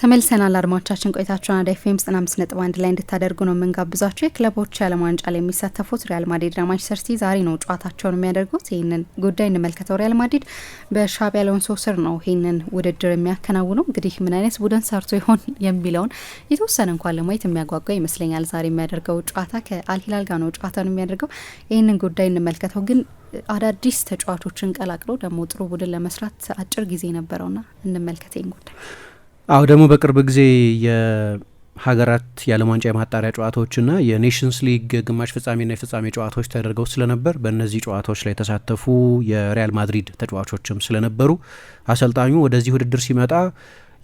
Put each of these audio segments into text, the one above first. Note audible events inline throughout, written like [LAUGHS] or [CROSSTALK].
ተመልሰናል አድማጮቻችን፣ ቆይታችሁን አራዳ ኤፍ ኤም ዘጠና አምስት ነጥብ አንድ ላይ እንድታደርጉ ነው የምንጋብዛችሁ። የክለቦች የዓለም ዋንጫ ላይ የሚሳተፉት ሪያል ማድሪድና ማንቸስተር ሲቲ ዛሬ ነው ጨዋታቸውን የሚያደርጉት። ይህንን ጉዳይ እንመልከተው። ሪያል ማድሪድ በሻቢ አሎንሶ ስር ነው ይህንን ውድድር የሚያከናውነው። እንግዲህ ምን አይነት ቡድን ሰርቶ ይሆን የሚለውን የተወሰነ እንኳን ለማየት የሚያጓጓ ይመስለኛል። ዛሬ የሚያደርገው ጨዋታ ከአልሂላል ጋር ነው ጨዋታውን የሚያደርገው። ይህንን ጉዳይ እንመልከተው ግን አዳዲስ ተጫዋቾችን ቀላቅሎ ደግሞ ጥሩ ቡድን ለመስራት አጭር ጊዜ ነበረውና እንመልከት ጉዳይ አዎ ደግሞ በቅርብ ጊዜ የሀገራት የዓለም ዋንጫ የማጣሪያ ጨዋታዎችና የኔሽንስ ሊግ ግማሽ ፍጻሜና የፍጻሜ ጨዋታዎች ተደርገው ስለነበር በእነዚህ ጨዋታዎች ላይ የተሳተፉ የሪያል ማድሪድ ተጫዋቾችም ስለነበሩ አሰልጣኙ ወደዚህ ውድድር ሲመጣ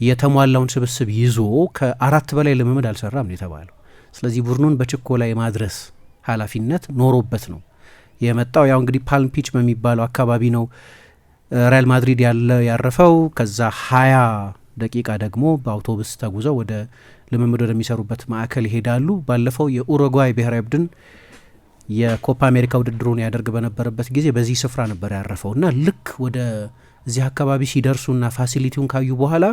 የተሟላውን ስብስብ ይዞ ከአራት በላይ ልምምድ አልሰራም ነው የተባለው። ስለዚህ ቡድኑን በችኮላ የማድረስ ኃላፊነት ኖሮበት ነው የመጣው። ያው እንግዲህ ፓልም ፒች በሚባለው አካባቢ ነው ሪያል ማድሪድ ያለ ያረፈው ከዛ ሀያ ደቂቃ ደግሞ በአውቶቡስ ተጉዘው ወደ ልምምድ ወደሚሰሩበት ማዕከል ይሄዳሉ። ባለፈው የኡሩጓይ ብሔራዊ ቡድን የኮፓ አሜሪካ ውድድሩን ያደርግ በነበረበት ጊዜ በዚህ ስፍራ ነበር ያረፈው እና ልክ ወደ እዚህ አካባቢ ሲደርሱና ፋሲሊቲውን ካዩ በኋላ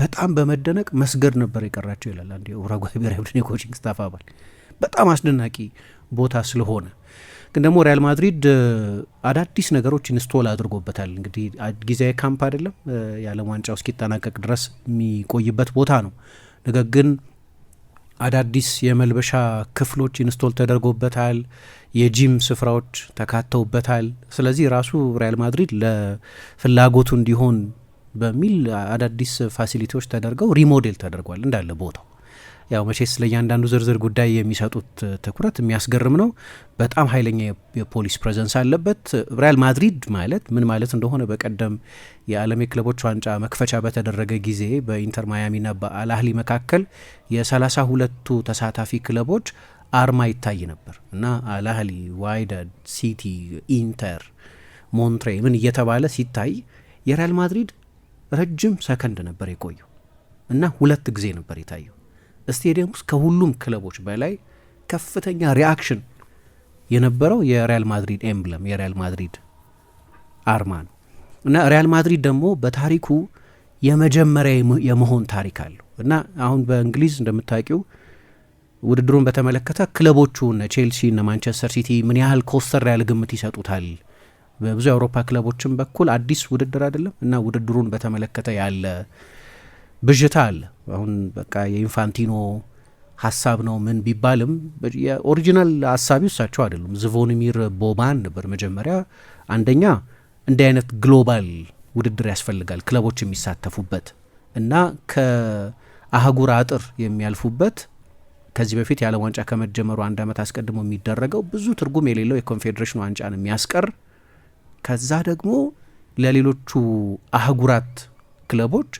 በጣም በመደነቅ መስገድ ነበር የቀራቸው ይላል አንድ የኡሩጓይ ብሔራዊ ቡድን የኮችንግ ስታፍ አባል። በጣም አስደናቂ ቦታ ስለሆነ ግን ደግሞ ሪያል ማድሪድ አዳዲስ ነገሮች ኢንስቶል አድርጎበታል። እንግዲህ ጊዜያዊ ካምፕ አይደለም፣ የዓለም ዋንጫው እስኪጠናቀቅ ድረስ የሚቆይበት ቦታ ነው። ነገር ግን አዳዲስ የመልበሻ ክፍሎች ኢንስቶል ተደርጎበታል። የጂም ስፍራዎች ተካተውበታል። ስለዚህ ራሱ ሪያል ማድሪድ ለፍላጎቱ እንዲሆን በሚል አዳዲስ ፋሲሊቲዎች ተደርገው ሪሞዴል ተደርጓል እንዳለ ቦታው ያው መቼስ ስለ እያንዳንዱ ዝርዝር ጉዳይ የሚሰጡት ትኩረት የሚያስገርም ነው። በጣም ኃይለኛ የፖሊስ ፕሬዘንስ አለበት። ሪያል ማድሪድ ማለት ምን ማለት እንደሆነ በቀደም የዓለም የክለቦች ዋንጫ መክፈቻ በተደረገ ጊዜ በኢንተር ማያሚና በአልአህሊ መካከል የሰላሳ ሁለቱ ተሳታፊ ክለቦች አርማ ይታይ ነበር እና አልአህሊ፣ ዋይዳድ፣ ሲቲ፣ ኢንተር፣ ሞንትሬ ምን እየተባለ ሲታይ የሪያል ማድሪድ ረጅም ሰከንድ ነበር የቆየው እና ሁለት ጊዜ ነበር የታየው። ስቴዲየም ውስጥ ከሁሉም ክለቦች በላይ ከፍተኛ ሪአክሽን የነበረው የሪያል ማድሪድ ኤምብለም የሪያል ማድሪድ አርማ ነው እና ሪያል ማድሪድ ደግሞ በታሪኩ የመጀመሪያ የመሆን ታሪክ አለው እና አሁን በእንግሊዝ እንደምታውቂው ውድድሩን በተመለከተ ክለቦቹ እነ ቼልሲ እነ ማንቸስተር ሲቲ ምን ያህል ኮስተር ያለ ግምት ይሰጡታል። በብዙ የአውሮፓ ክለቦችም በኩል አዲስ ውድድር አይደለም እና ውድድሩን በተመለከተ ያለ ብዥታ አለ። አሁን በቃ የኢንፋንቲኖ ሀሳብ ነው ምን ቢባልም የኦሪጂናል ሀሳቢ እሳቸው አይደሉም። ዝቮኒሚር ቦባን ነበር መጀመሪያ። አንደኛ እንዲህ አይነት ግሎባል ውድድር ያስፈልጋል ክለቦች የሚሳተፉበት እና ከአህጉር አጥር የሚያልፉበት ከዚህ በፊት የዓለም ዋንጫ ከመጀመሩ አንድ ዓመት አስቀድሞ የሚደረገው ብዙ ትርጉም የሌለው የኮንፌዴሬሽን ዋንጫን የሚያስቀር ከዛ ደግሞ ለሌሎቹ አህጉራት ክለቦች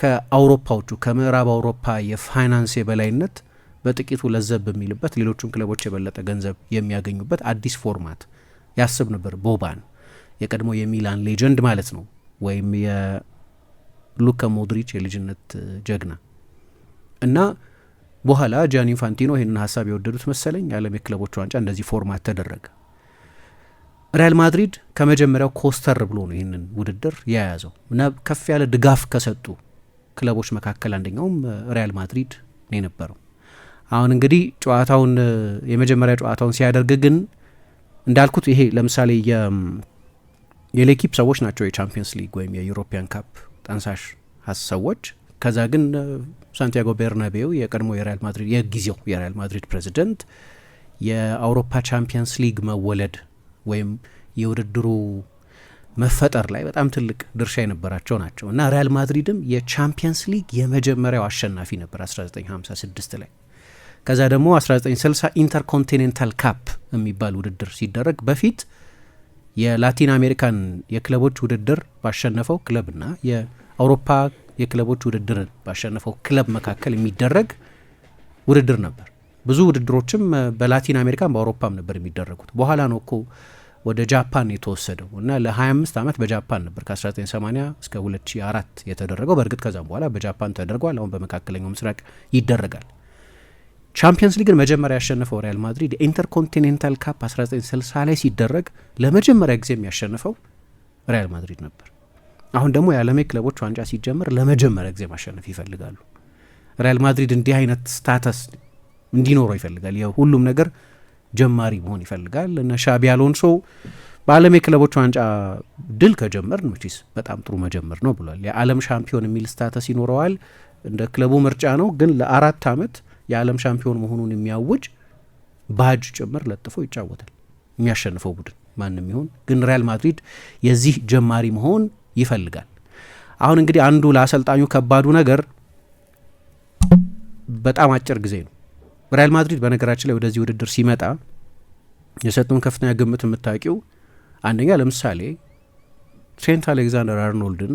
ከአውሮፓዎቹ ከምዕራብ አውሮፓ የፋይናንስ የበላይነት በጥቂቱ ለዘብ በሚልበት ሌሎቹም ክለቦች የበለጠ ገንዘብ የሚያገኙበት አዲስ ፎርማት ያስብ ነበር። ቦባን የቀድሞ የሚላን ሌጀንድ ማለት ነው፣ ወይም የሉካ ሞድሪች የልጅነት ጀግና እና በኋላ ጃኒ ኢንፋንቲኖ ይህንን ሀሳብ የወደዱት መሰለኝ። የዓለም የክለቦች ዋንጫ እንደዚህ ፎርማት ተደረገ። ሪያል ማድሪድ ከመጀመሪያው ኮስተር ብሎ ነው ይህንን ውድድር የያዘው እና ከፍ ያለ ድጋፍ ከሰጡ ክለቦች መካከል አንደኛውም ሪያል ማድሪድ ነው የነበረው። አሁን እንግዲህ ጨዋታውን የመጀመሪያ ጨዋታውን ሲያደርግ ግን እንዳልኩት ይሄ ለምሳሌ የሌኪፕ ሰዎች ናቸው የቻምፒየንስ ሊግ ወይም የዩሮፒያን ካፕ ጠንሳሽ ሀስ ሰዎች። ከዛ ግን ሳንቲያጎ ቤርናቤው የቀድሞ የሪያል ማድሪድ የጊዜው የሪያል ማድሪድ ፕሬዚደንት የአውሮፓ ቻምፒየንስ ሊግ መወለድ ወይም የውድድሩ መፈጠር ላይ በጣም ትልቅ ድርሻ የነበራቸው ናቸው እና ሪያል ማድሪድም የቻምፒየንስ ሊግ የመጀመሪያው አሸናፊ ነበር 1956 ላይ። ከዛ ደግሞ 1960 ኢንተርኮንቲኔንታል ካፕ የሚባል ውድድር ሲደረግ በፊት የላቲን አሜሪካን የክለቦች ውድድር ባሸነፈው ክለብና የአውሮፓ የክለቦች ውድድር ባሸነፈው ክለብ መካከል የሚደረግ ውድድር ነበር። ብዙ ውድድሮችም በላቲን አሜሪካን በአውሮፓም ነበር የሚደረጉት። በኋላ ነው እኮ ወደ ጃፓን የተወሰደው እና ለ25 ዓመት በጃፓን ነበር ከ1980 እስከ 2004 የተደረገው። በእርግጥ ከዛም በኋላ በጃፓን ተደርጓል። አሁን በመካከለኛው ምስራቅ ይደረጋል። ቻምፒየንስ ሊግን መጀመሪያ ያሸነፈው ሪያል ማድሪድ የኢንተርኮንቲኔንታል ካፕ 1960 ላይ ሲደረግ ለመጀመሪያ ጊዜ የሚያሸንፈው ሪያል ማድሪድ ነበር። አሁን ደግሞ የዓለም ክለቦች ዋንጫ ሲጀመር ለመጀመሪያ ጊዜ ማሸነፍ ይፈልጋሉ። ሪያል ማድሪድ እንዲህ አይነት ስታተስ እንዲኖረው ይፈልጋል። ሁሉም ነገር ጀማሪ መሆን ይፈልጋል እና ሻቢ አሎንሶ በዓለም የክለቦች ዋንጫ ድል ከጀመር ኖቺስ በጣም ጥሩ መጀመር ነው ብሏል። የዓለም ሻምፒዮን የሚል ስታተስ ይኖረዋል። እንደ ክለቡ ምርጫ ነው፣ ግን ለአራት ዓመት የዓለም ሻምፒዮን መሆኑን የሚያውጅ ባጅ ጭምር ለጥፎ ይጫወታል። የሚያሸንፈው ቡድን ማንም ይሁን፣ ግን ሪያል ማድሪድ የዚህ ጀማሪ መሆን ይፈልጋል። አሁን እንግዲህ አንዱ ለአሰልጣኙ ከባዱ ነገር በጣም አጭር ጊዜ ነው ሪያል ማድሪድ በነገራችን ላይ ወደዚህ ውድድር ሲመጣ የሰጡን ከፍተኛ ግምት የምታውቂው አንደኛ ለምሳሌ ትሬንት አሌክዛንደር አርኖልድን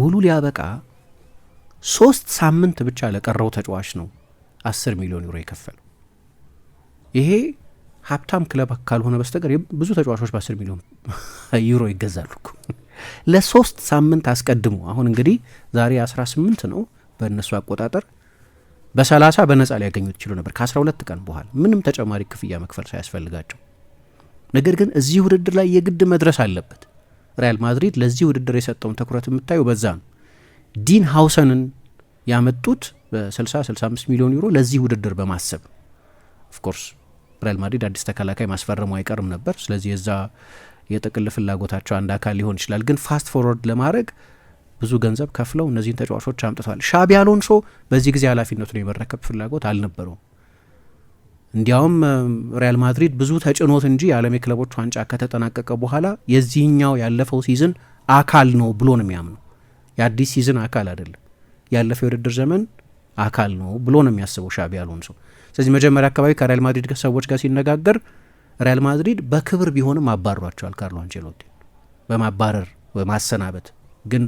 ውሉ ሊያበቃ ሶስት ሳምንት ብቻ ለቀረው ተጫዋች ነው አስር ሚሊዮን ዩሮ የከፈለው። ይሄ ሀብታም ክለብ ካልሆነ በስተቀር ብዙ ተጫዋቾች በአስር ሚሊዮን [LAUGHS] ዩሮ ይገዛሉ። ለሶስት ሳምንት አስቀድሞ አሁን እንግዲህ ዛሬ ስምንት ነው በእነሱ አቆጣጠር በሰላሳ በነጻ ሊያገኙት ይችሉ ነበር ከ ሁለት ቀን በኋላ ምንም ተጨማሪ ክፍያ መክፈል ሳያስፈልጋቸው። ነገር ግን እዚህ ውድድር ላይ የግድ መድረስ አለበት። ሪያል ማድሪድ ለዚህ ውድድር የሰጠውን ትኩረት የምታየው በዛ ነው። ዲን ሀውሰንን ያመጡት በ60 65 ሚሊዮን ዩሮ ለዚህ ውድድር በማሰብ ኦፍኮርስ ሪያል ማድሪድ አዲስ ተከላካይ ማስፈረሙ አይቀርም ነበር። ስለዚህ የዛ የጥቅል ፍላጎታቸው አንድ አካል ሊሆን ይችላል። ግን ፋስት ፎርወርድ ለማድረግ ብዙ ገንዘብ ከፍለው እነዚህን ተጫዋቾች አምጥተዋል። ሻቢ አሎንሶ በዚህ ጊዜ ኃላፊነቱን የመረከብ ፍላጎት አልነበረውም። እንዲያውም ሪያል ማድሪድ ብዙ ተጭኖት እንጂ የዓለም የክለቦች ዋንጫ ከተጠናቀቀ በኋላ የዚህኛው ያለፈው ሲዝን አካል ነው ብሎ ነው የሚያምነው። የአዲስ ሲዝን አካል አይደለም፣ ያለፈው የውድድር ዘመን አካል ነው ብሎ ነው የሚያስበው ሻቢ አሎንሶ። ስለዚህ መጀመሪያ አካባቢ ከሪያል ማድሪድ ሰዎች ጋር ሲነጋገር ሪያል ማድሪድ በክብር ቢሆንም አባሯቸዋል ካርሎ አንቼሎቲ በማባረር በማሰናበት ግን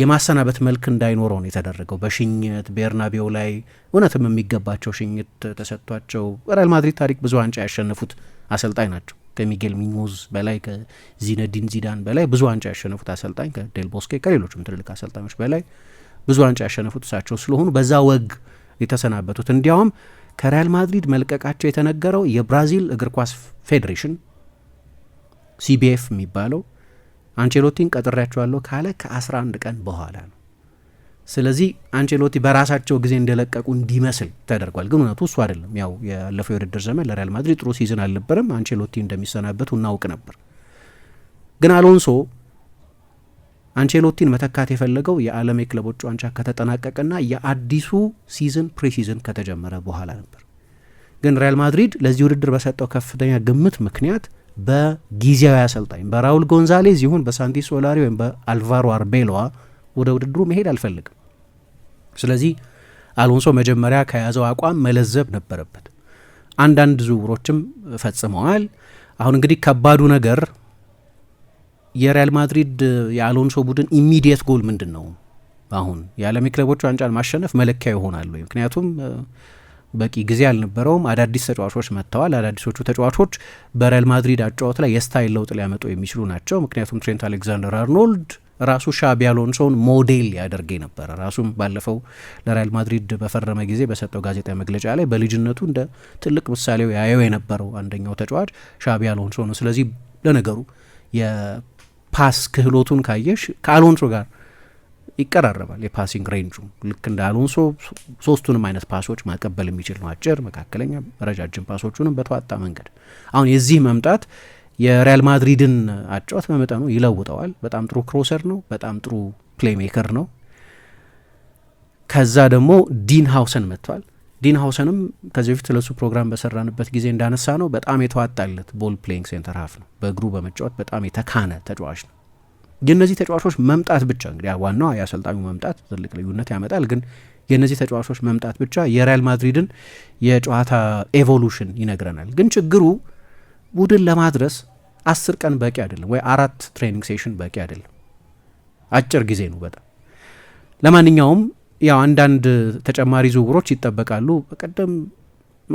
የማሰናበት መልክ እንዳይኖረው ነው የተደረገው። በሽኝት ቤርናቤው ላይ እውነትም የሚገባቸው ሽኝት ተሰጥቷቸው ሪያል ማድሪድ ታሪክ ብዙ ዋንጫ ያሸነፉት አሰልጣኝ ናቸው። ከሚጌል ሚኞዝ በላይ ከዚነዲን ዚዳን በላይ ብዙ ዋንጫ ያሸነፉት አሰልጣኝ ከዴል ቦስኬ ከሌሎችም ትልልቅ አሰልጣኞች በላይ ብዙ ዋንጫ ያሸነፉት እሳቸው ስለሆኑ በዛ ወግ የተሰናበቱት። እንዲያውም ከሪያል ማድሪድ መልቀቃቸው የተነገረው የብራዚል እግር ኳስ ፌዴሬሽን ሲቢኤፍ የሚባለው አንቸሎቲን ቀጥሬያቸዋለሁ ካለ ከ11 ቀን በኋላ ነው። ስለዚህ አንቸሎቲ በራሳቸው ጊዜ እንደለቀቁ እንዲመስል ተደርጓል። ግን እውነቱ እሱ አይደለም። ያው ያለፈው የውድድር ዘመን ለሪያል ማድሪድ ጥሩ ሲዝን አልነበረም። አንቸሎቲ እንደሚሰናበቱ እናውቅ ነበር። ግን አሎንሶ አንቸሎቲን መተካት የፈለገው የዓለም የክለቦች ዋንጫ ከተጠናቀቀና የአዲሱ ሲዝን ፕሪሲዝን ከተጀመረ በኋላ ነበር። ግን ሪያል ማድሪድ ለዚህ ውድድር በሰጠው ከፍተኛ ግምት ምክንያት በጊዜያዊ አሰልጣኝ በራውል ጎንዛሌዝ ይሁን በሳንቲ ሶላሪ ወይም በአልቫሮ አርቤሎዋ ወደ ውድድሩ መሄድ አልፈልግም። ስለዚህ አሎንሶ መጀመሪያ ከያዘው አቋም መለዘብ ነበረበት። አንዳንድ ዝውውሮችም ፈጽመዋል። አሁን እንግዲህ ከባዱ ነገር የሪያል ማድሪድ የአሎንሶ ቡድን ኢሚዲየት ጎል ምንድን ነው? አሁን የዓለም ክለቦች ዋንጫን ማሸነፍ መለኪያ ይሆናል ወይ? ምክንያቱም በቂ ጊዜ አልነበረውም። አዳዲስ ተጫዋቾች መጥተዋል። አዳዲሶቹ ተጫዋቾች በሪያል ማድሪድ አጫወት ላይ የስታይል ለውጥ ሊያመጡ የሚችሉ ናቸው። ምክንያቱም ትሬንት አሌክዛንደር አርኖልድ ራሱ ሻቢ አሎንሶን ሞዴል ያደርገ ነበረ። ራሱም ባለፈው ለሪያል ማድሪድ በፈረመ ጊዜ በሰጠው ጋዜጣ መግለጫ ላይ በልጅነቱ እንደ ትልቅ ምሳሌው ያየው የነበረው አንደኛው ተጫዋች ሻቢ አሎንሶ ነው። ስለዚህ ለነገሩ የፓስ ክህሎቱን ካየሽ ከአሎንሶ ጋር ይቀራረባል። የፓሲንግ ሬንጁ ልክ እንደ አሎንሶ ሶስቱንም አይነት ፓሶች ማቀበል የሚችል ነው። አጭር፣ መካከለኛ፣ ረጃጅም ፓሶቹንም በተዋጣ መንገድ አሁን የዚህ መምጣት የሪያል ማድሪድን አጫወት በመጠኑ ይለውጠዋል። በጣም ጥሩ ክሮሰር ነው። በጣም ጥሩ ፕሌሜከር ነው። ከዛ ደግሞ ዲን ሀውሰን መጥቷል። ዲን ሀውሰንም ከዚህ በፊት ስለሱ ፕሮግራም በሰራንበት ጊዜ እንዳነሳ ነው በጣም የተዋጣለት ቦል ፕሌይንግ ሴንተር ሀፍ ነው። በእግሩ በመጫወት በጣም የተካነ ተጫዋች ነው። የእነዚህ ተጫዋቾች መምጣት ብቻ እንግዲህ ዋናው የአሰልጣኙ መምጣት ትልቅ ልዩነት ያመጣል። ግን የእነዚህ ተጫዋቾች መምጣት ብቻ የሪያል ማድሪድን የጨዋታ ኤቮሉሽን ይነግረናል። ግን ችግሩ ቡድን ለማድረስ አስር ቀን በቂ አይደለም፣ ወይ አራት ትሬኒንግ ሴሽን በቂ አይደለም። አጭር ጊዜ ነው በጣም ለማንኛውም ያው አንዳንድ ተጨማሪ ዝውውሮች ይጠበቃሉ። በቀደም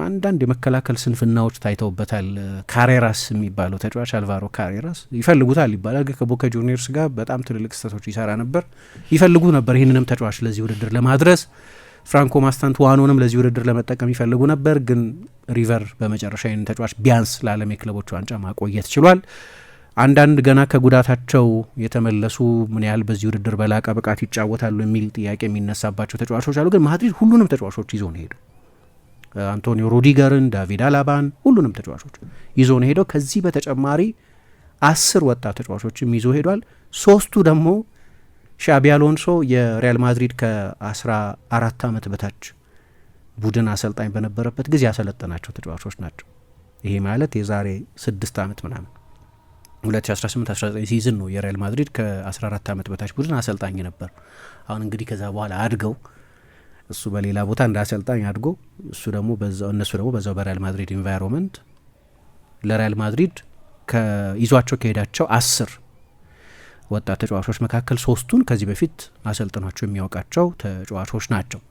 አንዳንድ የመከላከል ስንፍናዎች ታይተውበታል። ካሬራስ የሚባለው ተጫዋች አልቫሮ ካሬራስ ይፈልጉታል ይባላል፣ ግን ከቦካ ጁኒየርስ ጋር በጣም ትልልቅ ስህተቶች ይሰራ ነበር። ይፈልጉ ነበር ይህንንም ተጫዋች ለዚህ ውድድር ለማድረስ ፍራንኮ ማስታንቱዋኖንም ለዚህ ውድድር ለመጠቀም ይፈልጉ ነበር፣ ግን ሪቨር በመጨረሻ ይህንን ተጫዋች ቢያንስ ለዓለም የክለቦች ዋንጫ ማቆየት ችሏል። አንዳንድ ገና ከጉዳታቸው የተመለሱ ምን ያህል በዚህ ውድድር በላቀ ብቃት ይጫወታሉ የሚል ጥያቄ የሚነሳባቸው ተጫዋቾች አሉ። ግን ማድሪድ ሁሉንም ተጫዋቾች ይዞ ነው ሄደው አንቶኒዮ ሩዲገርን፣ ዳቪድ አላባን ሁሉንም ተጫዋቾች ይዞ ነው ሄደው። ከዚህ በተጨማሪ አስር ወጣት ተጫዋቾችም ይዞ ሄዷል። ሶስቱ ደግሞ ሻቢ አሎንሶ የሪያል ማድሪድ ከ አራት ዓመት በታች ቡድን አሰልጣኝ በነበረበት ጊዜ ያሰለጠናቸው ተጫዋቾች ናቸው። ይሄ ማለት የዛሬ ስድስት ዓመት ምናምን 2018/19 ሲዝን ነው የሪያል ማድሪድ ከ14 ዓመት በታች ቡድን አሰልጣኝ ነበር። አሁን እንግዲህ ከዛ በኋላ አድገው እሱ በሌላ ቦታ እንደ አሰልጣኝ አድጎ እሱ ደግሞ እነሱ ደግሞ በዛው በሪያል ማድሪድ ኢንቫይሮንመንት ለሪያል ማድሪድ ይዟቸው ከሄዳቸው አስር ወጣት ተጫዋቾች መካከል ሶስቱን ከዚህ በፊት አሰልጥኗቸው የሚያውቃቸው ተጫዋቾች ናቸው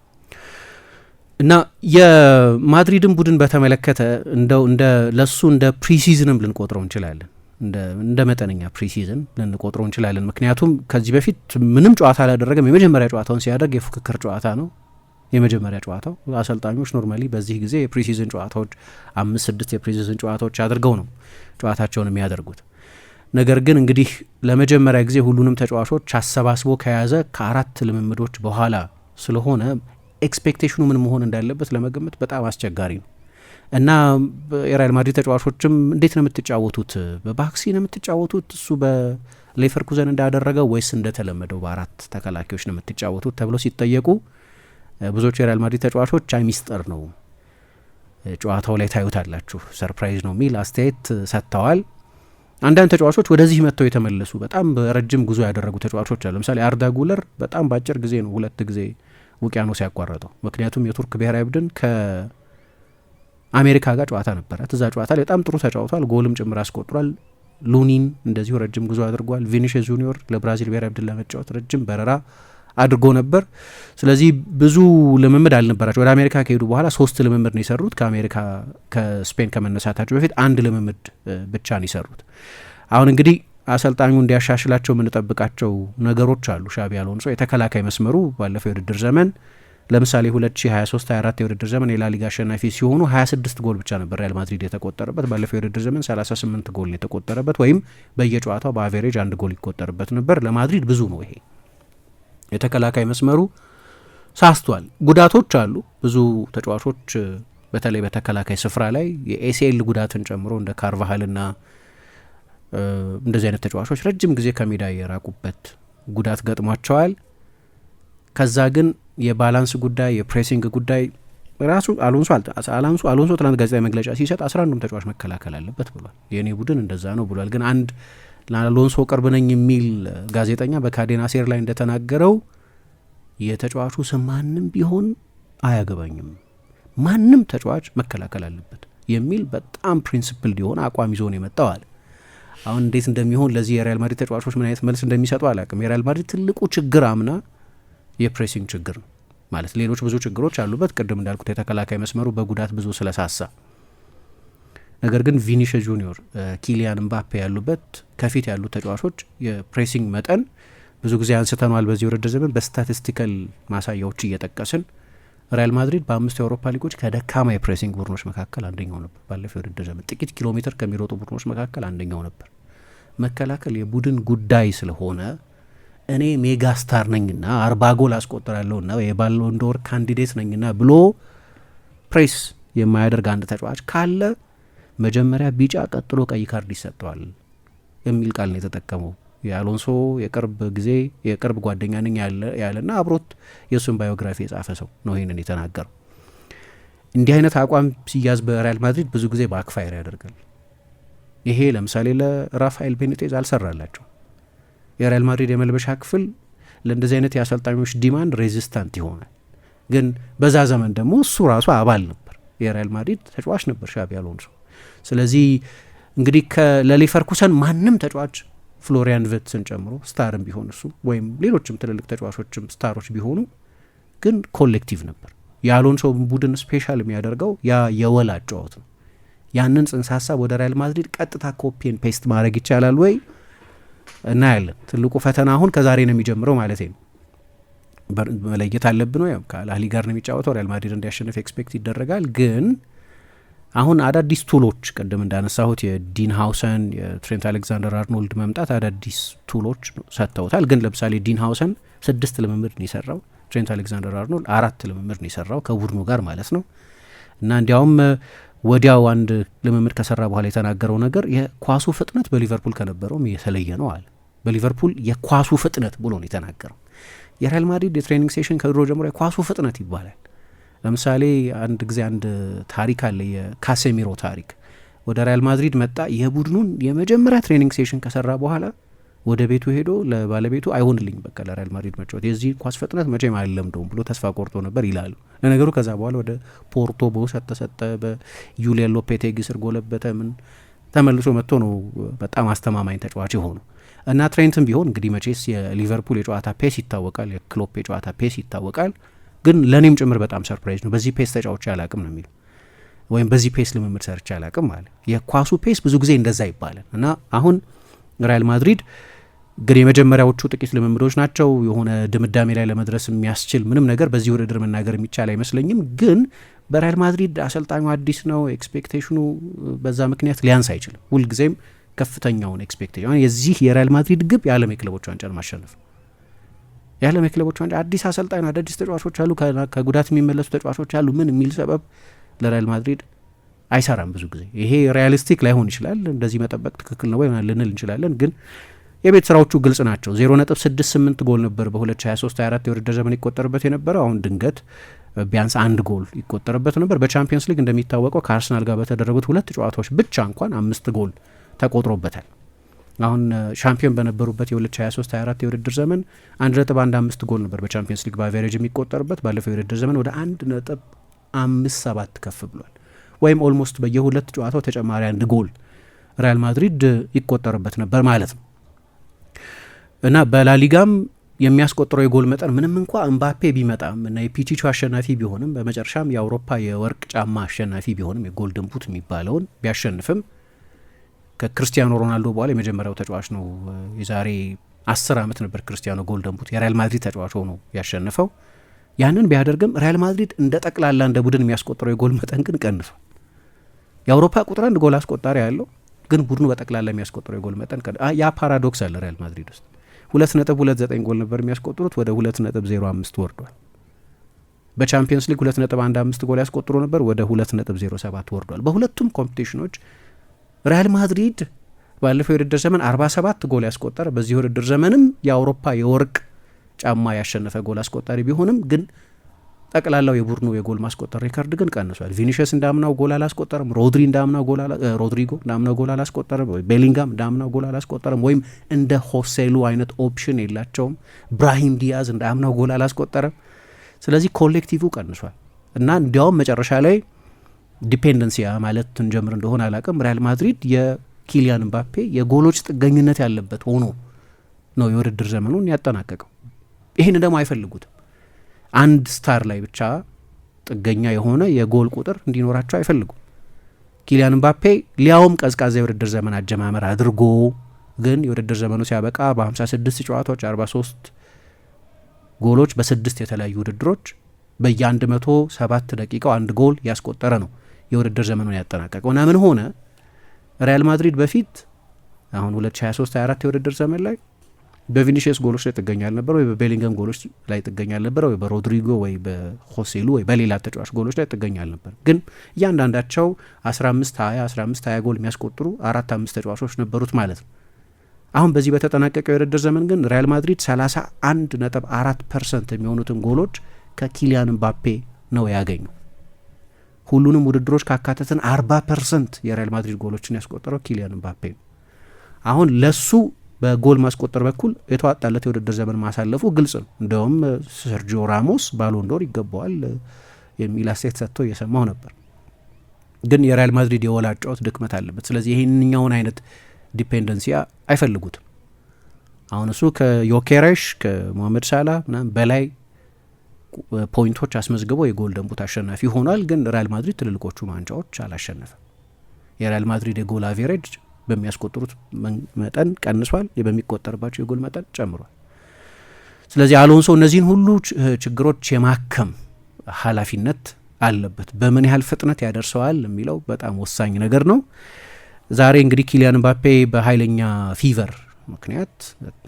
እና የማድሪድን ቡድን በተመለከተ እንደው እንደ ለሱ እንደ ፕሪሲዝንም ልንቆጥረው እንችላለን እንደ መጠነኛ ፕሪሲዝን ልንቆጥረው እንችላለን። ምክንያቱም ከዚህ በፊት ምንም ጨዋታ አላደረገም። የመጀመሪያ ጨዋታውን ሲያደርግ የፉክክር ጨዋታ ነው። የመጀመሪያ ጨዋታው። አሰልጣኞች ኖርማሊ በዚህ ጊዜ የፕሪሲዝን ጨዋታዎች አምስት ስድስት የፕሪሲዝን ጨዋታዎች አድርገው ነው ጨዋታቸውን የሚያደርጉት። ነገር ግን እንግዲህ ለመጀመሪያ ጊዜ ሁሉንም ተጫዋቾች አሰባስቦ ከያዘ ከአራት ልምምዶች በኋላ ስለሆነ ኤክስፔክቴሽኑ ምን መሆን እንዳለበት ለመገመት በጣም አስቸጋሪ ነው እና የሪያል ማድሪድ ተጫዋቾችም እንዴት ነው የምትጫወቱት? በባክሲ ነው የምትጫወቱት እሱ በሌቨርኩዘን እንዳደረገው ወይስ እንደተለመደው በአራት ተከላካዮች ነው የምትጫወቱት ተብሎ ሲጠየቁ ብዙዎቹ የሪያል ማድሪድ ተጫዋቾች አይ ሚስጥር ነው ጨዋታው ላይ ታዩታላችሁ፣ ሰርፕራይዝ ነው የሚል አስተያየት ሰጥተዋል። አንዳንድ ተጫዋቾች ወደዚህ መጥተው የተመለሱ በጣም ረጅም ጉዞ ያደረጉ ተጫዋቾች አሉ። ለምሳሌ አርዳ ጉለር በጣም በአጭር ጊዜ ነው ሁለት ጊዜ ውቅያኖስ ያቋረጠው። ምክንያቱም የቱርክ ብሔራዊ ቡድን ከአሜሪካ ጋር ጨዋታ ነበረ። እዛ ጨዋታ ላይ በጣም ጥሩ ተጫውቷል፣ ጎልም ጭምር አስቆጥሯል። ሉኒን እንደዚሁ ረጅም ጉዞ አድርጓል። ቪኒሽ ጁኒዮር ለብራዚል ብሔራዊ ቡድን ለመጫወት ረጅም በረራ አድርጎ ነበር። ስለዚህ ብዙ ልምምድ አልነበራቸው። ወደ አሜሪካ ከሄዱ በኋላ ሶስት ልምምድ ነው የሰሩት። ከአሜሪካ ከስፔን ከመነሳታቸው በፊት አንድ ልምምድ ብቻ ነው የሰሩት። አሁን እንግዲህ አሰልጣኙ እንዲያሻሽላቸው የምንጠብቃቸው ነገሮች አሉ። ሻቢ አሎንሶ የተከላካይ መስመሩ ባለፈው የውድድር ዘመን ለምሳሌ 2023/24 የውድድር ዘመን የላሊጋ አሸናፊ ሲሆኑ 26 ጎል ብቻ ነበር ሪያል ማድሪድ የተቆጠረበት። ባለፈው የውድድር ዘመን 38 ጎል ነው የተቆጠረበት፣ ወይም በየጨዋታው በአቬሬጅ አንድ ጎል ይቆጠርበት ነበር። ለማድሪድ ብዙ ነው ይሄ የተከላካይ መስመሩ ሳስቷል። ጉዳቶች አሉ። ብዙ ተጫዋቾች በተለይ በተከላካይ ስፍራ ላይ የኤሲኤል ጉዳትን ጨምሮ እንደ ካርቫሃልና እንደዚህ አይነት ተጫዋቾች ረጅም ጊዜ ከሜዳ የራቁበት ጉዳት ገጥሟቸዋል። ከዛ ግን የባላንስ ጉዳይ፣ የፕሬሲንግ ጉዳይ ራሱ አሎንሶ አሎንሶ አሎንሶ ትናንት ጋዜጣዊ መግለጫ ሲሰጥ አስራ አንዱም ተጫዋች መከላከል አለበት ብሏል። የእኔ ቡድን እንደዛ ነው ብሏል። ግን አንድ ለአሎንሶ ቅርብ ነኝ የሚል ጋዜጠኛ በካዴና ሴር ላይ እንደተናገረው የተጫዋቹ ስም ማንም ቢሆን አያገባኝም፣ ማንም ተጫዋች መከላከል አለበት የሚል በጣም ፕሪንስፕል ሊሆን አቋም ይዞ ነው የመጣው አለ። አሁን እንዴት እንደሚሆን ለዚህ የሪያል ማድሪድ ተጫዋቾች ምን አይነት መልስ እንደሚሰጡ አላውቅም። የሪያል ማድሪድ ትልቁ ችግር አምና የፕሬሲንግ ችግር ነው ማለት ሌሎች ብዙ ችግሮች አሉበት። ቅድም እንዳልኩት የተከላካይ መስመሩ በጉዳት ብዙ ስለሳሳ ነገር ግን ቪኒሽ ጁኒዮር፣ ኪሊያን ምባፔ ያሉበት ከፊት ያሉ ተጫዋቾች የፕሬሲንግ መጠን ብዙ ጊዜ አንስተነዋል። በዚህ ውድድር ዘመን በስታቲስቲካል ማሳያዎች እየጠቀስን ሪያል ማድሪድ በአምስት የአውሮፓ ሊጎች ከደካማ የፕሬሲንግ ቡድኖች መካከል አንደኛው ነበር። ባለፈው የውድድር ዘመን ጥቂት ኪሎ ሜትር ከሚሮጡ ቡድኖች መካከል አንደኛው ነበር። መከላከል የቡድን ጉዳይ ስለሆነ እኔ ሜጋ ስታር ነኝና አርባ ጎል አስቆጥራለሁና የባሎንዶር ካንዲዴት ነኝና ብሎ ፕሬስ የማያደርግ አንድ ተጫዋች ካለ መጀመሪያ ቢጫ ቀጥሎ ቀይ ካርድ ይሰጠዋል የሚል ቃል ነው የተጠቀመው። የአሎንሶ የቅርብ ጊዜ የቅርብ ጓደኛ ነኝ ያለና አብሮት የእሱን ባዮግራፊ የጻፈ ሰው ነው ይህንን የተናገረው። እንዲህ አይነት አቋም ሲያዝ በሪያል ማድሪድ ብዙ ጊዜ በአክፋየር ያደርጋል። ይሄ ለምሳሌ ለራፋኤል ቤኔቴዝ አልሰራላቸው። የሪያል ማድሪድ የመልበሻ ክፍል ለእንደዚህ አይነት የአሰልጣኞች ዲማንድ ሬዚስታንት ይሆናል። ግን በዛ ዘመን ደግሞ እሱ ራሱ አባል ነበር፣ የሪያል ማድሪድ ተጫዋች ነበር ሻቢ አሎንሶ። ስለዚህ እንግዲህ ለሊቨርኩሰን ማንም ተጫዋች ፍሎሪያን ቨትስን ጨምሮ ስታርም ቢሆን እሱ ወይም ሌሎችም ትልልቅ ተጫዋቾችም ስታሮች ቢሆኑ ግን ኮሌክቲቭ ነበር። የአሎንሶ ቡድን ስፔሻል የሚያደርገው ያ የወላጅ አጫወት ነው። ያንን ጽንሰ ሀሳብ ወደ ሪያል ማድሪድ ቀጥታ ኮፒን ፔስት ማድረግ ይቻላል ወይ እናያለን። ትልቁ ፈተና አሁን ከዛሬ ነው የሚጀምረው ማለት ነው። መለየት አለብን። ወይ ከአል አህሊ ጋር ነው የሚጫወተው። ሪያል ማድሪድ እንዲያሸንፍ ኤክስፔክት ይደረጋል ግን አሁን አዳዲስ ቱሎች ቅድም እንዳነሳሁት የዲን ሀውሰን የትሬንት አሌክዛንደር አርኖልድ መምጣት አዳዲስ ቱሎች ሰጥተውታል። ግን ለምሳሌ ዲን ሀውሰን ስድስት ልምምድ ነው የሰራው። ትሬንት አሌክዛንደር አርኖልድ አራት ልምምድ ነው የሰራው ከቡድኑ ጋር ማለት ነው። እና እንዲያውም ወዲያው አንድ ልምምድ ከሰራ በኋላ የተናገረው ነገር የኳሱ ፍጥነት በሊቨርፑል ከነበረውም የተለየ ነው አለ። በሊቨርፑል የኳሱ ፍጥነት ብሎ ነው የተናገረው። የሪያል ማድሪድ የትሬኒንግ ሴሽን ከድሮ ጀምሮ የኳሱ ፍጥነት ይባላል ለምሳሌ አንድ ጊዜ አንድ ታሪክ አለ፣ የካሴሚሮ ታሪክ። ወደ ሪያል ማድሪድ መጣ። የቡድኑን የመጀመሪያ ትሬኒንግ ሴሽን ከሰራ በኋላ ወደ ቤቱ ሄዶ ለባለቤቱ አይሆንልኝ፣ በቃ ለሪያል ማድሪድ መጫወት የዚህ ኳስ ፍጥነት መቼም አይለምደውም ብሎ ተስፋ ቆርጦ ነበር ይላሉ። ለነገሩ ከዛ በኋላ ወደ ፖርቶ በውሰት ተሰጠ፣ በዩሊያን ሎፔቴጊ ስር ጎለበተ። ምን ተመልሶ መጥቶ ነው በጣም አስተማማኝ ተጫዋች የሆኑ እና ትሬንትም ቢሆን እንግዲህ መቼስ የሊቨርፑል የጨዋታ ፔስ ይታወቃል፣ የክሎፕ የጨዋታ ፔስ ይታወቃል። ግን ለእኔም ጭምር በጣም ሰርፕራይዝ ነው። በዚህ ፔስ ተጫዎች አላቅም ነው የሚሉ ወይም በዚህ ፔስ ልምምድ ሰርቼ አላቅም አለ። የኳሱ ፔስ ብዙ ጊዜ እንደዛ ይባላል እና አሁን ሪያል ማድሪድ ግን የመጀመሪያዎቹ ጥቂት ልምምዶች ናቸው። የሆነ ድምዳሜ ላይ ለመድረስ የሚያስችል ምንም ነገር በዚህ ውድድር መናገር የሚቻል አይመስለኝም። ግን በሪያል ማድሪድ አሰልጣኙ አዲስ ነው፣ ኤክስፔክቴሽኑ በዛ ምክንያት ሊያንስ አይችልም። ሁልጊዜም ከፍተኛውን ኤክስፔክቴሽን የዚህ የሪያል ማድሪድ ግብ የዓለም የክለቦች ዋንጫን ማሸነፍ ነው። የዓለም የክለቦች ዋንጫ አዲስ አሰልጣኝ ነው፣ አዳዲስ ተጫዋቾች አሉ፣ ከጉዳት የሚመለሱ ተጫዋቾች አሉ፣ ምን የሚል ሰበብ ለሪያል ማድሪድ አይሰራም። ብዙ ጊዜ ይሄ ሪያሊስቲክ ላይሆን ይችላል። እንደዚህ መጠበቅ ትክክል ነው ወይ ልንል እንችላለን፣ ግን የቤት ስራዎቹ ግልጽ ናቸው። 0.68 ጎል ነበር በ2023 24 የውድድር ዘመን ይቆጠርበት የነበረው አሁን ድንገት ቢያንስ አንድ ጎል ይቆጠርበት ነበር። በቻምፒየንስ ሊግ እንደሚታወቀው ከአርሰናል ጋር በተደረጉት ሁለት ጨዋታዎች ብቻ እንኳን አምስት ጎል ተቆጥሮበታል። አሁን ሻምፒዮን በነበሩበት የ2023 24 የውድድር ዘመን ነጥብ አምስት ጎል ነበር በቻምፒየንስ ሊግ በአቬሬጅ የሚቆጠርበት። ባለፈው የውድድር ዘመን ወደ አንድ ነጥብ ሰባት ከፍ ብሏል። ወይም ኦልሞስት በየሁለት ጨዋታው ተጨማሪ አንድ ጎል ሪያል ማድሪድ ይቆጠርበት ነበር ማለት ነው እና በላሊጋም የሚያስቆጥረው የጎል መጠን ምንም እንኳ እምባፔ ቢመጣም እና የፒቺቹ አሸናፊ ቢሆንም በመጨረሻም የአውሮፓ የወርቅ ጫማ አሸናፊ ቢሆንም የጎል ድንቡት የሚባለውን ቢያሸንፍም ከክርስቲያኖ ሮናልዶ በኋላ የመጀመሪያው ተጫዋች ነው። የዛሬ አስር ዓመት ነበር ክርስቲያኖ ጎልደን ቡት የሪያል ማድሪድ ተጫዋች ሆኖ ያሸነፈው። ያንን ቢያደርግም ሪያል ማድሪድ እንደ ጠቅላላ እንደ ቡድን የሚያስቆጥረው የጎል መጠን ግን ቀንሷል። የአውሮፓ ቁጥር አንድ ጎል አስቆጣሪ ያለው ግን ቡድኑ በጠቅላላ የሚያስቆጥረው የጎል መጠን ያ ፓራዶክስ አለ። ሪያል ማድሪድ ውስጥ ሁለት ነጥብ ሁለት ዘጠኝ ጎል ነበር የሚያስቆጥሩት ወደ ሁለት ነጥብ ዜሮ አምስት ወርዷል። በቻምፒየንስ ሊግ ሁለት ነጥብ አንድ አምስት ጎል ያስቆጥሩ ነበር ወደ ሁለት ነጥብ ዜሮ ሰባት ወርዷል። በሁለቱም ኮምፒቲሽኖች ሪያል ማድሪድ ባለፈው የውድድር ዘመን 47 ጎል ያስቆጠረ በዚህ የውድድር ዘመንም የአውሮፓ የወርቅ ጫማ ያሸነፈ ጎል አስቆጣሪ ቢሆንም ግን ጠቅላላው የቡድኑ የጎል ማስቆጠር ሪከርድ ግን ቀንሷል። ቪኒሽስ እንዳምናው ጎል አላስቆጠርም። ሮድሪ እንዳምናው ጎል ሮድሪጎ እንዳምናው ጎል አላስቆጠርም። ወይ ቤሊንጋም እንዳምናው ጎል አላስቆጠርም። ወይም እንደ ሆሴሉ አይነት ኦፕሽን የላቸውም። ብራሂም ዲያዝ እንዳምናው ጎል አላስቆጠርም። ስለዚህ ኮሌክቲቭ ቀንሷል እና እንዲያውም መጨረሻ ላይ ዲፔንደንሲ ማለት እንጀምር እንደሆነ አላቅም። ሪያል ማድሪድ የኪሊያን ምባፔ የጎሎች ጥገኝነት ያለበት ሆኖ ነው የውድድር ዘመኑን ያጠናቀቀው። ይህን ደግሞ አይፈልጉትም። አንድ ስታር ላይ ብቻ ጥገኛ የሆነ የጎል ቁጥር እንዲኖራቸው አይፈልጉም። ኪሊያን ምባፔ ሊያውም ቀዝቃዛ የውድድር ዘመን አጀማመር አድርጎ ግን የውድድር ዘመኑ ሲያበቃ በ56 ጨዋታዎች 43 ጎሎች በስድስት የተለያዩ ውድድሮች በየ107 ደቂቃው አንድ ጎል ያስቆጠረ ነው። የውድድር ዘመኑን ያጠናቀቀውና ምን ሆነ ሪያል ማድሪድ በፊት አሁን 2023/24 የውድድር ዘመን ላይ በቪኒሽስ ጎሎች ላይ ጥገኛ አልነበረ ወይ በቤሊንገም ጎሎች ላይ ጥገኛ አልነበረ ወይ በሮድሪጎ ወይ በሆሴሉ ወይ በሌላ ተጫዋች ጎሎች ላይ ጥገኛ አልነበር። ግን እያንዳንዳቸው 15 20 15 20 ጎል የሚያስቆጥሩ አራት አምስት ተጫዋቾች ነበሩት ማለት ነው። አሁን በዚህ በተጠናቀቀው የውድድር ዘመን ግን ሪያል ማድሪድ 31 ነጥብ 4 ፐርሰንት የሚሆኑትን ጎሎች ከኪሊያን ምባፔ ነው ያገኙ። ሁሉንም ውድድሮች ካካተትን አርባ ፐርሰንት የሪያል ማድሪድ ጎሎችን ያስቆጠረው ኪሊያን ምባፔ ነው። አሁን ለሱ በጎል ማስቆጠር በኩል የተዋጣለት የውድድር ዘመን ማሳለፉ ግልጽ ነው። እንደውም ሰርጂዮ ራሞስ ባሎንዶር ይገባዋል የሚል አስተያየት ሰጥቶ እየሰማው ነበር። ግን የሪያል ማድሪድ የወላጫውት ጨዋት ድክመት አለበት። ስለዚህ ይህንኛውን አይነት ዲፔንደንሲያ አይፈልጉትም። አሁን እሱ ከዮኬሬሽ ከሞሐመድ ሳላ ምናምን በላይ ፖይንቶች አስመዝግቦ የጎልደን ቡት አሸናፊ ሆኗል። ግን ሪያል ማድሪድ ትልልቆቹ ዋንጫዎች አላሸነፈም። የሪያል ማድሪድ የጎል አቬሬጅ በሚያስቆጥሩት መጠን ቀንሷል፣ በሚቆጠርባቸው የጎል መጠን ጨምሯል። ስለዚህ አሎንሶ እነዚህን ሁሉ ችግሮች የማከም ኃላፊነት አለበት። በምን ያህል ፍጥነት ያደርሰዋል የሚለው በጣም ወሳኝ ነገር ነው። ዛሬ እንግዲህ ኪሊያን ምባፔ በኃይለኛ ፊቨር ምክንያት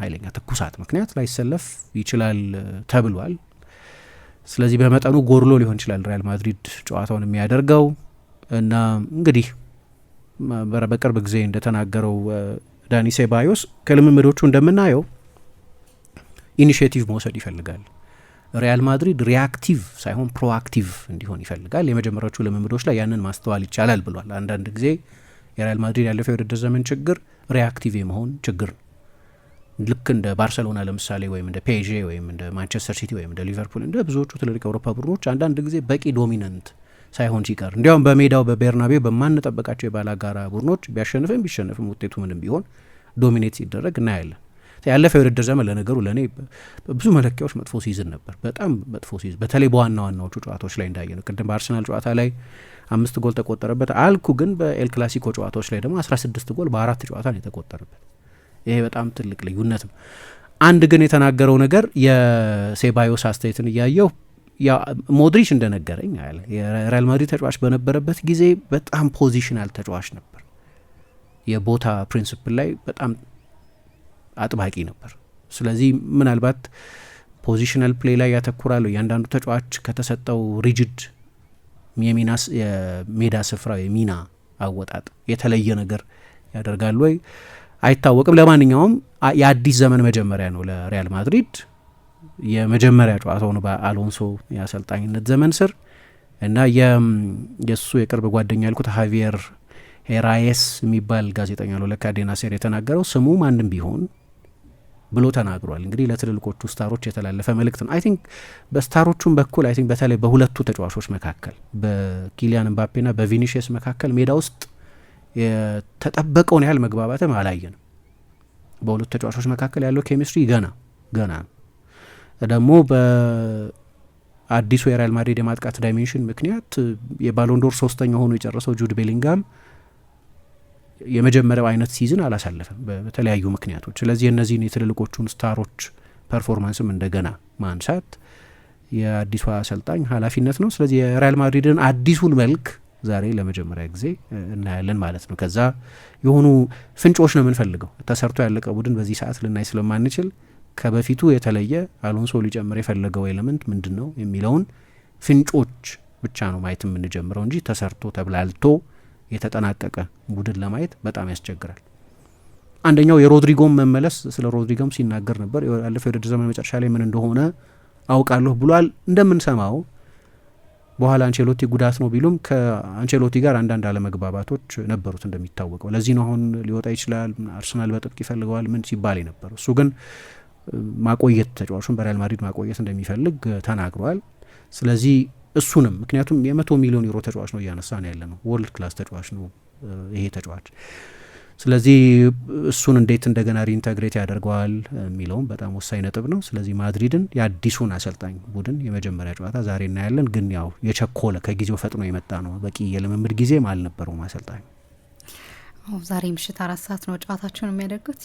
ኃይለኛ ትኩሳት ምክንያት ላይሰለፍ ይችላል ተብሏል። ስለዚህ በመጠኑ ጎድሎ ሊሆን ይችላል ሪያል ማድሪድ ጨዋታውን የሚያደርገው እና እንግዲህ በቅርብ ጊዜ እንደተናገረው ዳኒ ሴባዮስ ከልምምዶቹ እንደምናየው ኢኒሽቲቭ መውሰድ ይፈልጋል። ሪያል ማድሪድ ሪያክቲቭ ሳይሆን ፕሮአክቲቭ እንዲሆን ይፈልጋል። የመጀመሪያዎቹ ልምምዶች ላይ ያንን ማስተዋል ይቻላል ብሏል። አንዳንድ ጊዜ የሪያል ማድሪድ ያለፈው የውድድር ዘመን ችግር ሪያክቲቭ የመሆን ችግር ነው። ልክ እንደ ባርሰሎና ለምሳሌ ወይም እንደ ፔዤ ወይም እንደ ማንቸስተር ሲቲ ወይም እንደ ሊቨርፑል እንደ ብዙዎቹ ትልልቅ የአውሮፓ ቡድኖች አንዳንድ ጊዜ በቂ ዶሚናንት ሳይሆን ሲቀር እንዲያውም በሜዳው በቤርናቤው በማንጠበቃቸው የባላጋራ ቡድኖች ቢያሸንፍም ቢሸንፍም ውጤቱ ምንም ቢሆን ዶሚኔት ሲደረግ እናያለን። ያለፈው የውድድር ዘመን ለነገሩ ለእኔ ብዙ መለኪያዎች መጥፎ ሲዝን ነበር። በጣም መጥፎ ሲዝን፣ በተለይ በዋና ዋናዎቹ ጨዋታዎች ላይ እንዳየ ነው። ቅድም በአርሰናል ጨዋታ ላይ አምስት ጎል ተቆጠረበት አልኩ፣ ግን በኤል ክላሲኮ ጨዋታዎች ላይ ደግሞ አስራ ስድስት ጎል በአራት ጨዋታ ነው የተቆጠረበት ይሄ በጣም ትልቅ ልዩነት ነው። አንድ ግን የተናገረው ነገር የሴባዮስ አስተያየትን እያየው ሞድሪች እንደነገረኝ አለ የሪያል ማድሪድ ተጫዋች በነበረበት ጊዜ በጣም ፖዚሽናል ተጫዋች ነበር። የቦታ ፕሪንስፕል ላይ በጣም አጥባቂ ነበር። ስለዚህ ምናልባት ፖዚሽናል ፕሌይ ላይ ያተኩራሉ። እያንዳንዱ ተጫዋች ከተሰጠው ሪጅድ የሚና የሜዳ ስፍራ የሚና አወጣጥ የተለየ ነገር ያደርጋሉ ወይ? አይታወቅም። ለማንኛውም የአዲስ ዘመን መጀመሪያ ነው ለሪያል ማድሪድ የመጀመሪያ ጨዋታ ሆኖ በአሎንሶ የአሰልጣኝነት ዘመን ስር እና የእሱ የቅርብ ጓደኛ ያልኩት ሀቪየር ሄራየስ የሚባል ጋዜጠኛ ነው ለካዴና ሴር የተናገረው ስሙ ማንም ቢሆን ብሎ ተናግሯል። እንግዲህ ለትልልቆቹ ስታሮች የተላለፈ መልእክት ነው። አይ ቲንክ በስታሮቹም በኩል አይ ቲንክ በተለይ በሁለቱ ተጫዋቾች መካከል በኪሊያን ምባፔና በቪኒሽስ መካከል ሜዳ ውስጥ የተጠበቀውን ያህል መግባባትም አላየንም። በሁለቱ ተጫዋቾች መካከል ያለው ኬሚስትሪ ገና ገና ነው። ደግሞ በአዲሱ የሪያል ማድሪድ የማጥቃት ዳይሜንሽን ምክንያት የባሎንዶር ሶስተኛ ሆኖ የጨረሰው ጁድ ቤሊንጋም የመጀመሪያው አይነት ሲዝን አላሳለፈም በተለያዩ ምክንያቶች። ስለዚህ እነዚህን የትልልቆቹን ስታሮች ፐርፎርማንስም እንደገና ማንሳት የአዲሱ አሰልጣኝ ኃላፊነት ነው። ስለዚህ የሪያል ማድሪድን አዲሱን መልክ ዛሬ ለመጀመሪያ ጊዜ እናያለን ማለት ነው። ከዛ የሆኑ ፍንጮች ነው የምንፈልገው። ተሰርቶ ያለቀ ቡድን በዚህ ሰዓት ልናይ ስለማንችል ከበፊቱ የተለየ አሎንሶ ሊጨምር የፈለገው ኤሌመንት ምንድን ነው የሚለውን ፍንጮች ብቻ ነው ማየት የምንጀምረው እንጂ ተሰርቶ ተብላልቶ የተጠናቀቀ ቡድን ለማየት በጣም ያስቸግራል። አንደኛው የሮድሪጎም መመለስ፣ ስለ ሮድሪጎም ሲናገር ነበር። ያለፈው የውድድር ዘመን መጨረሻ ላይ ምን እንደሆነ አውቃለሁ ብሏል። እንደምንሰማው በኋላ አንቸሎቲ ጉዳት ነው ቢሉም ከአንቸሎቲ ጋር አንዳንድ አለመግባባቶች ነበሩት እንደሚታወቀው። ለዚህ ነው አሁን ሊወጣ ይችላል አርሰናል በጥብቅ ይፈልገዋል ምን ሲባል የነበረው። እሱ ግን ማቆየት ተጫዋቹን በሪያል ማድሪድ ማቆየት እንደሚፈልግ ተናግሯል። ስለዚህ እሱንም ምክንያቱም የመቶ ሚሊዮን ዩሮ ተጫዋች ነው እያነሳ ነው ያለ ነው። ወርልድ ክላስ ተጫዋች ነው ይሄ ተጫዋች ስለዚህ እሱን እንዴት እንደገና ሪኢንተግሬት ያደርገዋል የሚለውም በጣም ወሳኝ ነጥብ ነው። ስለዚህ ማድሪድን የአዲሱን አሰልጣኝ ቡድን የመጀመሪያ ጨዋታ ዛሬ እናያለን። ግን ያው የቸኮለ ከጊዜው ፈጥኖ የመጣ ነው። በቂ የልምምድ ጊዜም አልነበረውም አሰልጣኝ። ዛሬ ምሽት አራት ሰዓት ነው ጨዋታቸውን የሚያደርጉት።